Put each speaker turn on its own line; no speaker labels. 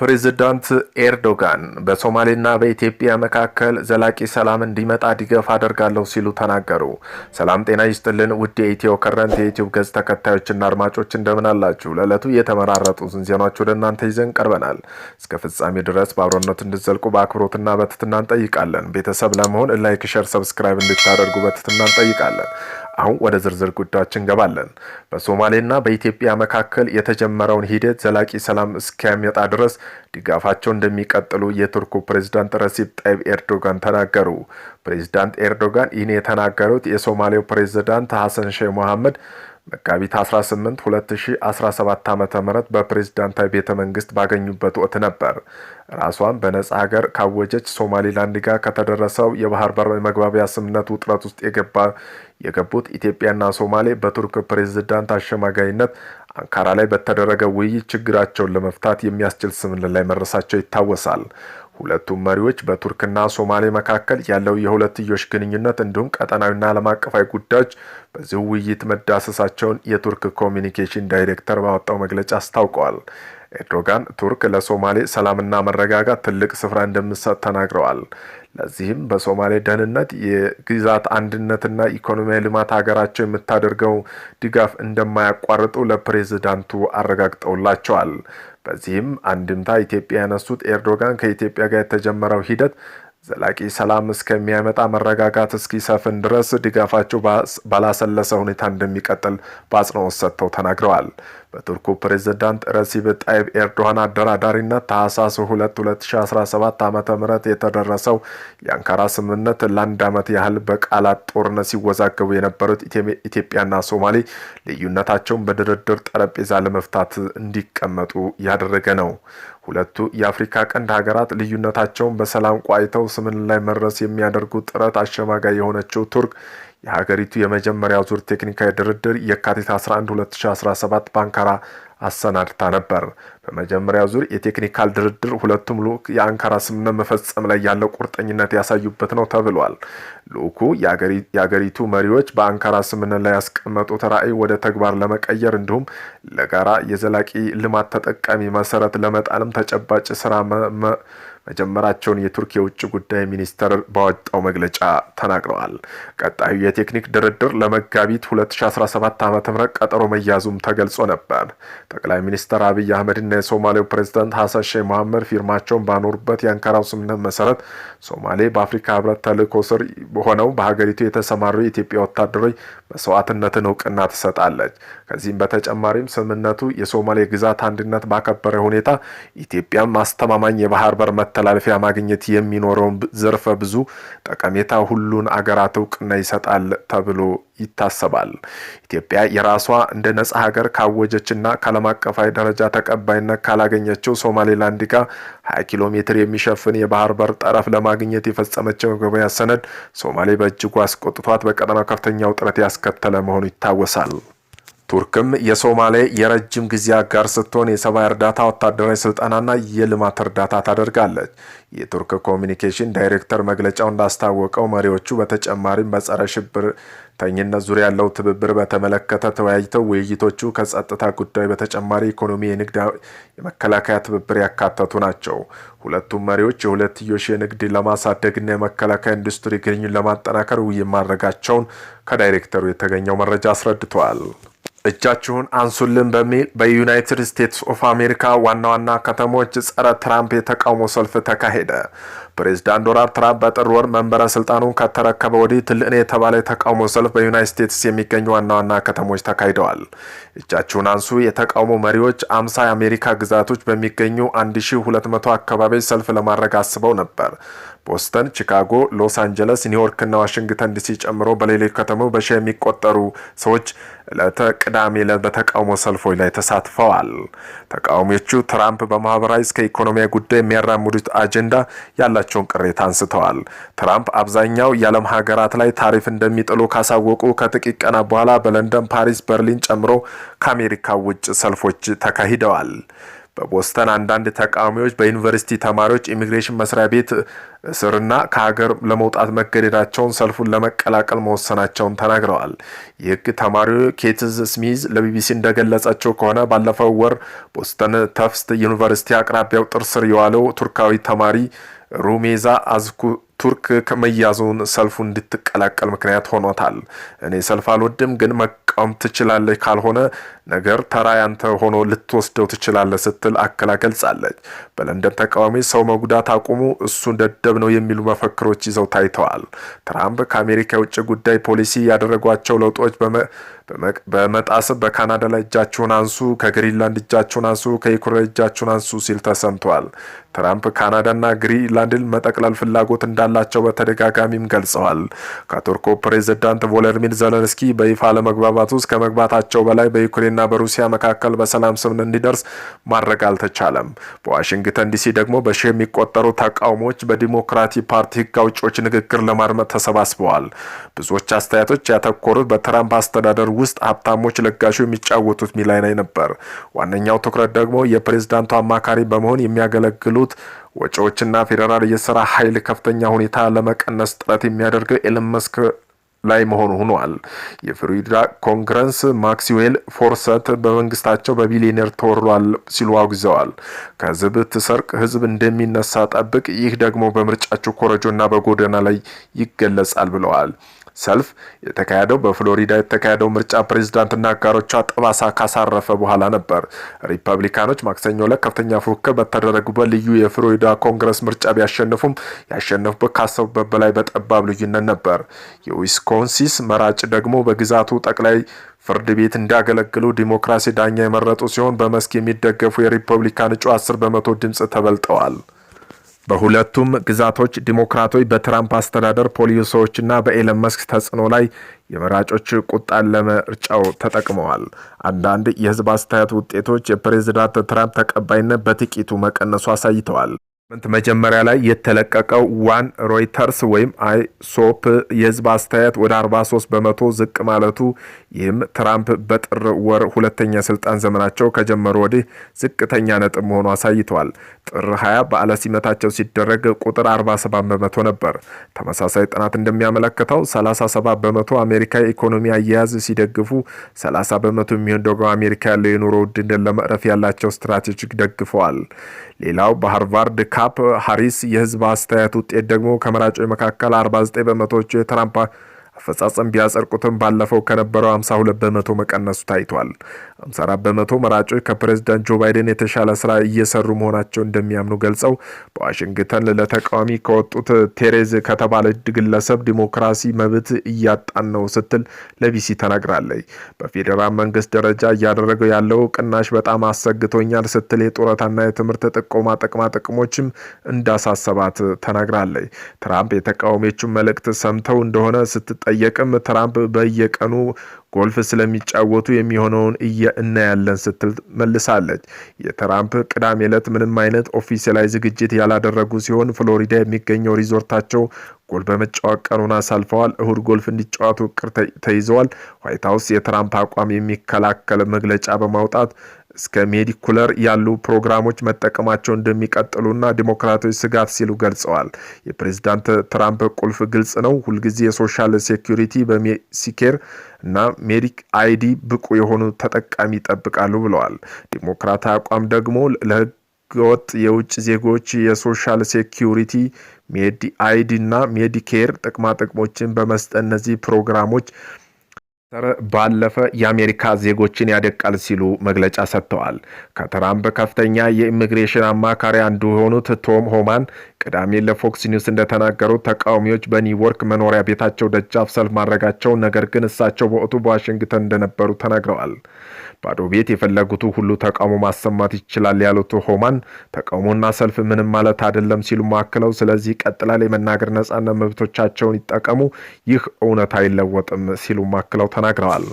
ፕሬዝዳንት ኤርዶጋን በሶማሌና በኢትዮጵያ መካከል ዘላቂ ሰላም እንዲመጣ ድጋፍ አደርጋለሁ ሲሉ ተናገሩ። ሰላም ጤና ይስጥልን ውድ የኢትዮ ከረንት የዩቲዩብ ገጽ ተከታዮችና አድማጮች እንደምን አላችሁ? ለዕለቱ የተመራረጡ ዜናዎች ወደ እናንተ ይዘን ቀርበናል። እስከ ፍጻሜ ድረስ በአብሮነት እንድዘልቁ በአክብሮትና በትትና እንጠይቃለን። ቤተሰብ ለመሆን ላይክ፣ ሸር፣ ሰብስክራይብ እንድታደርጉ በትትና እንጠይቃለን። አሁን ወደ ዝርዝር ጉዳዮች እንገባለን። በሶማሌና በኢትዮጵያ መካከል የተጀመረውን ሂደት ዘላቂ ሰላም እስኪያመጣ ድረስ ድጋፋቸው እንደሚቀጥሉ የቱርኩ ፕሬዝዳንት ረሲብ ጣይብ ኤርዶጋን ተናገሩ። ፕሬዝዳንት ኤርዶጋን ይህን የተናገሩት የሶማሌው ፕሬዚዳንት ሀሰን ሼህ መሐመድ መጋቢት 18 2017 ዓ ም በፕሬዝዳንታዊ ቤተ መንግስት ባገኙበት ወቅት ነበር ራሷን በነጻ ሀገር ካወጀች ሶማሊላንድ ጋር ከተደረሰው የባህር በር መግባቢያ ስምምነት ውጥረት ውስጥ የገባ የገቡት ኢትዮጵያና ሶማሌ በቱርክ ፕሬዝዳንት አሸማጋይነት አንካራ ላይ በተደረገ ውይይት ችግራቸውን ለመፍታት የሚያስችል ስምምነት ላይ መድረሳቸው ይታወሳል። ሁለቱም መሪዎች በቱርክና ሶማሌ መካከል ያለው የሁለትዮሽ ግንኙነት እንዲሁም ቀጠናዊና ዓለም አቀፋዊ ጉዳዮች በዚህ ውይይት መዳሰሳቸውን የቱርክ ኮሚኒኬሽን ዳይሬክተር ባወጣው መግለጫ አስታውቀዋል። ኤርዶጋን ቱርክ ለሶማሌ ሰላምና መረጋጋት ትልቅ ስፍራ እንደምትሰጥ ተናግረዋል። ለዚህም በሶማሌ ደህንነት፣ የግዛት አንድነትና ኢኮኖሚያዊ ልማት ሀገራቸው የምታደርገው ድጋፍ እንደማያቋርጡ ለፕሬዝዳንቱ አረጋግጠውላቸዋል። በዚህም አንድምታ ኢትዮጵያ ያነሱት ኤርዶጋን ከኢትዮጵያ ጋር የተጀመረው ሂደት ዘላቂ ሰላም እስከሚያመጣ መረጋጋት እስኪሰፍን ድረስ ድጋፋቸው ባላሰለሰ ሁኔታ እንደሚቀጥል በአጽንኦት ሰጥተው ተናግረዋል። በቱርኩ ፕሬዝዳንት ረሲብ ጣይብ ኤርዶሃን አደራዳሪነት ታህሳስ 2 2017 ዓ ም የተደረሰው የአንካራ ስምምነት ለአንድ ዓመት ያህል በቃላት ጦርነት ሲወዛገቡ የነበሩት ኢትዮጵያና ሶማሌ ልዩነታቸውን በድርድር ጠረጴዛ ለመፍታት እንዲቀመጡ ያደረገ ነው። ሁለቱ የአፍሪካ ቀንድ ሀገራት ልዩነታቸውን በሰላም ቋይተው ስምን ላይ መድረስ የሚያደርጉ ጥረት አሸማጋይ የሆነችው ቱርክ የሀገሪቱ የመጀመሪያ ዙር ቴክኒካዊ ድርድር የካቲት 11 2017 በአንካራ አሰናድታ ነበር። በመጀመሪያ ዙር የቴክኒካል ድርድር ሁለቱም ልዑክ የአንካራ ስምምነት መፈጸም ላይ ያለው ቁርጠኝነት ያሳዩበት ነው ተብሏል። ልዑኩ የአገሪቱ መሪዎች በአንካራ ስምምነት ላይ ያስቀመጡት ራዕይ ወደ ተግባር ለመቀየር እንዲሁም ለጋራ የዘላቂ ልማት ተጠቃሚ መሰረት ለመጣልም ተጨባጭ ስራ መጀመራቸውን የቱርክ የውጭ ጉዳይ ሚኒስተር ባወጣው መግለጫ ተናግረዋል። ቀጣዩ የቴክኒክ ድርድር ለመጋቢት 2017 ዓ ም ቀጠሮ መያዙም ተገልጾ ነበር። ጠቅላይ ሚኒስትር አብይ አህመድና የሶማሌው ፕሬዚዳንት ሀሰን ሼህ መሐመድ ፊርማቸውን ባኖሩበት የአንካራው ስምምነት መሰረት ሶማሌ በአፍሪካ ህብረት ተልእኮ ስር ሆነው በሀገሪቱ የተሰማሩ የኢትዮጵያ ወታደሮች መስዋዕትነትን እውቅና ትሰጣለች። ከዚህም በተጨማሪም ስምምነቱ የሶማሌ ግዛት አንድነት ባከበረ ሁኔታ ኢትዮጵያም አስተማማኝ የባህር በር መ መተላለፊያ ማግኘት የሚኖረውን ዘርፈ ብዙ ጠቀሜታ ሁሉን አገራት እውቅና ይሰጣል ተብሎ ይታሰባል። ኢትዮጵያ የራሷ እንደ ነጻ ሀገር ካወጀችና ከዓለም አቀፋዊ ደረጃ ተቀባይነት ካላገኘችው ሶማሌላንድ ጋር 20 ኪሎ ሜትር የሚሸፍን የባህር በር ጠረፍ ለማግኘት የፈጸመችው የመግባቢያ ሰነድ ሶማሌ በእጅጉ አስቆጥቷት በቀጠናው ከፍተኛ ውጥረት ያስከተለ መሆኑ ይታወሳል። ቱርክም የሶማሌ የረጅም ጊዜ አጋር ስትሆን የሰብአዊ እርዳታ፣ ወታደራዊ ስልጠናና የልማት እርዳታ ታደርጋለች። የቱርክ ኮሚኒኬሽን ዳይሬክተር መግለጫው እንዳስታወቀው መሪዎቹ በተጨማሪም በጸረ ሽብር ተኝነት ዙሪያ ያለው ትብብር በተመለከተ ተወያይተው ውይይቶቹ ከጸጥታ ጉዳይ በተጨማሪ ኢኮኖሚ፣ የንግድ፣ የመከላከያ ትብብር ያካተቱ ናቸው። ሁለቱም መሪዎች የሁለትዮሽ የንግድ ለማሳደግና የመከላከያ ኢንዱስትሪ ግንኙን ለማጠናከር ውይይት ማድረጋቸውን ከዳይሬክተሩ የተገኘው መረጃ አስረድተዋል። እጃችሁን አንሱልን በሚል በዩናይትድ ስቴትስ ኦፍ አሜሪካ ዋና ዋና ከተሞች ጸረ ትራምፕ የተቃውሞ ሰልፍ ተካሄደ። ፕሬዚዳንት ዶናልድ ትራምፕ በጥር ወር መንበረ ስልጣኑን ከተረከበ ወዲህ ትልእኔ የተባለ የተቃውሞ ሰልፍ በዩናይት ስቴትስ የሚገኙ ዋና ዋና ከተሞች ተካሂደዋል። እጃችሁን አንሱ የተቃውሞ መሪዎች አምሳ የአሜሪካ ግዛቶች በሚገኙ 1200 አካባቢዎች ሰልፍ ለማድረግ አስበው ነበር። ቦስተን፣ ቺካጎ፣ ሎስ አንጀለስ፣ ኒውዮርክና ዋሽንግተን ዲሲ ጨምሮ በሌሎች ከተሞች በሺ የሚቆጠሩ ሰዎች ዕለተ ቅዳሜ ዕለት በተቃውሞ ሰልፎች ላይ ተሳትፈዋል። ተቃዋሚዎቹ ትራምፕ በማህበራዊ እስከ ኢኮኖሚያዊ ጉዳይ የሚያራምዱት አጀንዳ ያላቸው ያላቸውን ቅሬታ አንስተዋል። ትራምፕ አብዛኛው የዓለም ሀገራት ላይ ታሪፍ እንደሚጥሉ ካሳወቁ ከጥቂት ቀናት በኋላ በለንደን፣ ፓሪስ፣ በርሊን ጨምሮ ከአሜሪካ ውጭ ሰልፎች ተካሂደዋል። በቦስተን አንዳንድ ተቃዋሚዎች በዩኒቨርሲቲ ተማሪዎች ኢሚግሬሽን መስሪያ ቤት እስርና ከሀገር ለመውጣት መገደዳቸውን ሰልፉን ለመቀላቀል መወሰናቸውን ተናግረዋል። የህግ ተማሪው ኬትዝ ስሚዝ ለቢቢሲ እንደገለጸችው ከሆነ ባለፈው ወር ቦስተን ተፍስት ዩኒቨርሲቲ አቅራቢያው ጥር ስር የዋለው ቱርካዊ ተማሪ ሩሜዛ አዝኩ ቱርክ ከመያዙን ሰልፉ እንድትቀላቀል ምክንያት ሆኖታል። እኔ ሰልፍ አልወድም፣ ግን መቃወም ትችላለች። ካልሆነ ነገር ተራ ያንተ ሆኖ ልትወስደው ትችላለህ ስትል አክላ ገልጻለች። በለንደን ተቃዋሚ ሰው መጉዳት አቁሙ፣ እሱን ደደብ ነው የሚሉ መፈክሮች ይዘው ታይተዋል። ትራምፕ ከአሜሪካ የውጭ ጉዳይ ፖሊሲ ያደረጓቸው ለውጦች በመጣስብ በካናዳ ላይ እጃችሁን አንሱ፣ ከግሪንላንድ እጃችሁን አንሱ፣ ከዩክሬን እጃችሁን አንሱ ሲል ተሰምተዋል። ትራምፕ ካናዳና ግሪንላንድን መጠቅለል ፍላጎት እንዳላቸው በተደጋጋሚም ገልጸዋል። ከቱርኮ ፕሬዝዳንት ቮለድሚር ዘለንስኪ በይፋ ለመግባባት ውስጥ ከመግባታቸው በላይ በዩክሬንና በሩሲያ መካከል በሰላም ስምን እንዲደርስ ማድረግ አልተቻለም። በዋሽንግተን ዋሽንግተን ዲሲ ደግሞ በሺህ የሚቆጠሩ ተቃውሞዎች በዲሞክራቲ ፓርቲ ህግ አውጪዎች ንግግር ለማድመጥ ተሰባስበዋል። ብዙዎች አስተያየቶች ያተኮሩት በትራምፕ አስተዳደር ውስጥ ሀብታሞች ለጋሹ የሚጫወቱት ሚና ላይ ነበር። ዋነኛው ትኩረት ደግሞ የፕሬዝዳንቱ አማካሪ በመሆን የሚያገለግሉት ወጪዎችና ፌዴራል የስራ ኃይል ከፍተኛ ሁኔታ ለመቀነስ ጥረት የሚያደርገው ኤለን መስክ ላይ መሆኑ ሆኗል። የፍሪዳ ኮንግረስ ማክሲዌል ፎርሰት በመንግስታቸው በቢሊዮኔር ተወሯል ሲሉ አውግዘዋል። ከህዝብ ትሰርቅ ህዝብ እንደሚነሳ ጠብቅ፣ ይህ ደግሞ ኮረጆ ኮረጆና በጎዳና ላይ ይገለጻል ብለዋል። ሰልፍ የተካሄደው በፍሎሪዳ የተካሄደው ምርጫ ፕሬዚዳንትና አጋሮቿ ጠባሳ ካሳረፈ በኋላ ነበር። ሪፐብሊካኖች ማክሰኞ ዕለት ከፍተኛ ፉክክር በተደረጉበት ልዩ የፍሎሪዳ ኮንግረስ ምርጫ ቢያሸንፉም ያሸነፉበት ካሰቡበት በላይ በጠባብ ልዩነት ነበር። የዊስኮንሲስ መራጭ ደግሞ በግዛቱ ጠቅላይ ፍርድ ቤት እንዲያገለግሉ ዲሞክራሲ ዳኛ የመረጡ ሲሆን በመስክ የሚደገፉ የሪፐብሊካን እጩ 10 በመቶ ድምፅ ተበልጠዋል። በሁለቱም ግዛቶች ዲሞክራቶች በትራምፕ አስተዳደር ፖሊሲዎችና በኤለን መስክ ተጽዕኖ ላይ የመራጮች ቁጣን ለምርጫው ተጠቅመዋል። አንዳንድ የህዝብ አስተያየት ውጤቶች የፕሬዝዳንት ትራምፕ ተቀባይነት በጥቂቱ መቀነሱ አሳይተዋል። ሳምንት መጀመሪያ ላይ የተለቀቀው ዋን ሮይተርስ ወይም አይሶፕ የህዝብ አስተያየት ወደ 43 በመቶ ዝቅ ማለቱ ይህም ትራምፕ በጥር ወር ሁለተኛ ስልጣን ዘመናቸው ከጀመሩ ወዲህ ዝቅተኛ ነጥብ መሆኑ አሳይተዋል። ጥር 20 በዓለ ሲመታቸው ሲደረግ ቁጥር 47 በመቶ ነበር። ተመሳሳይ ጥናት እንደሚያመለክተው 37 በመቶ አሜሪካ የኢኮኖሚ አያያዝ ሲደግፉ፣ 30 በመቶ የሚሆን ደግሞ አሜሪካ ያለው የኑሮ ውድነት ለመቅረፍ ያላቸው ስትራቴጂክ ደግፈዋል። ሌላው በሃርቫርድ ካ ካፕ ሃሪስ የህዝብ አስተያየት ውጤት ደግሞ ከመራጮች መካከል 49 በመቶዎቹ የትራምፕ አፈጻጸም ቢያጸድቁትም ባለፈው ከነበረው 52 በመቶ መቀነሱ ታይቷል። 54 በመቶ መራጮች ከፕሬዝዳንት ጆ ባይደን የተሻለ ስራ እየሰሩ መሆናቸው እንደሚያምኑ ገልጸው በዋሽንግተን ለተቃዋሚ ከወጡት ቴሬዝ ከተባለች ግለሰብ ዲሞክራሲ መብት እያጣን ነው ስትል ለቢሲ ተናግራለች። በፌዴራል መንግስት ደረጃ እያደረገው ያለው ቅናሽ በጣም አሰግቶኛል ስትል የጡረታና የትምህርት ጥቆማ ጥቅማ ጥቅሞችም እንዳሳሰባት ተናግራለች። ትራምፕ የተቃዋሚዎቹን መልእክት ሰምተው እንደሆነ ስት ስትጠየቅም ትራምፕ በየቀኑ ጎልፍ ስለሚጫወቱ የሚሆነውን እናያለን ስትል መልሳለች። የትራምፕ ቅዳሜ ዕለት ምንም አይነት ኦፊሴላዊ ዝግጅት ያላደረጉ ሲሆን ፍሎሪዳ የሚገኘው ሪዞርታቸው ጎልፍ በመጫወት ቀኑን አሳልፈዋል። እሁድ ጎልፍ እንዲጫወቱ እቅድ ተይዘዋል። ዋይት ሀውስ የትራምፕ አቋም የሚከላከል መግለጫ በማውጣት እስከ ሜዲኩለር ያሉ ፕሮግራሞች መጠቀማቸው እንደሚቀጥሉና ዲሞክራቶች ስጋት ሲሉ ገልጸዋል። የፕሬዝዳንት ትራምፕ ቁልፍ ግልጽ ነው። ሁልጊዜ የሶሻል ሴኩሪቲ በሜሲኬር እና ሜዲክ አይዲ ብቁ የሆኑ ተጠቃሚ ይጠብቃሉ ብለዋል። ዲሞክራት አቋም ደግሞ ለህግ ወጥ የውጭ ዜጎች የሶሻል ሴኩሪቲ ሜዲ አይዲ እና ሜዲኬር ጥቅማጥቅሞችን በመስጠት እነዚህ ፕሮግራሞች ባለፈ የአሜሪካ ዜጎችን ያደቃል ሲሉ መግለጫ ሰጥተዋል። ከትራምፕ ከፍተኛ የኢሚግሬሽን አማካሪ አንዱ የሆኑት ቶም ሆማን ቅዳሜ ለፎክስ ኒውስ እንደተናገሩት ተቃዋሚዎች በኒውዮርክ መኖሪያ ቤታቸው ደጃፍ ሰልፍ ማድረጋቸው፣ ነገር ግን እሳቸው በወቅቱ በዋሽንግተን እንደነበሩ ተናግረዋል። ባዶ ቤት የፈለጉት ሁሉ ተቃውሞ ማሰማት ይችላል ያሉት ሆማን ተቃውሞና ሰልፍ ምንም ማለት አይደለም ሲሉ ማክለው ስለዚህ ቀጥላ የመናገር ነጻነት መብቶቻቸውን ይጠቀሙ፣ ይህ እውነት አይለወጥም ሲሉ ማክለው ተናግረዋል።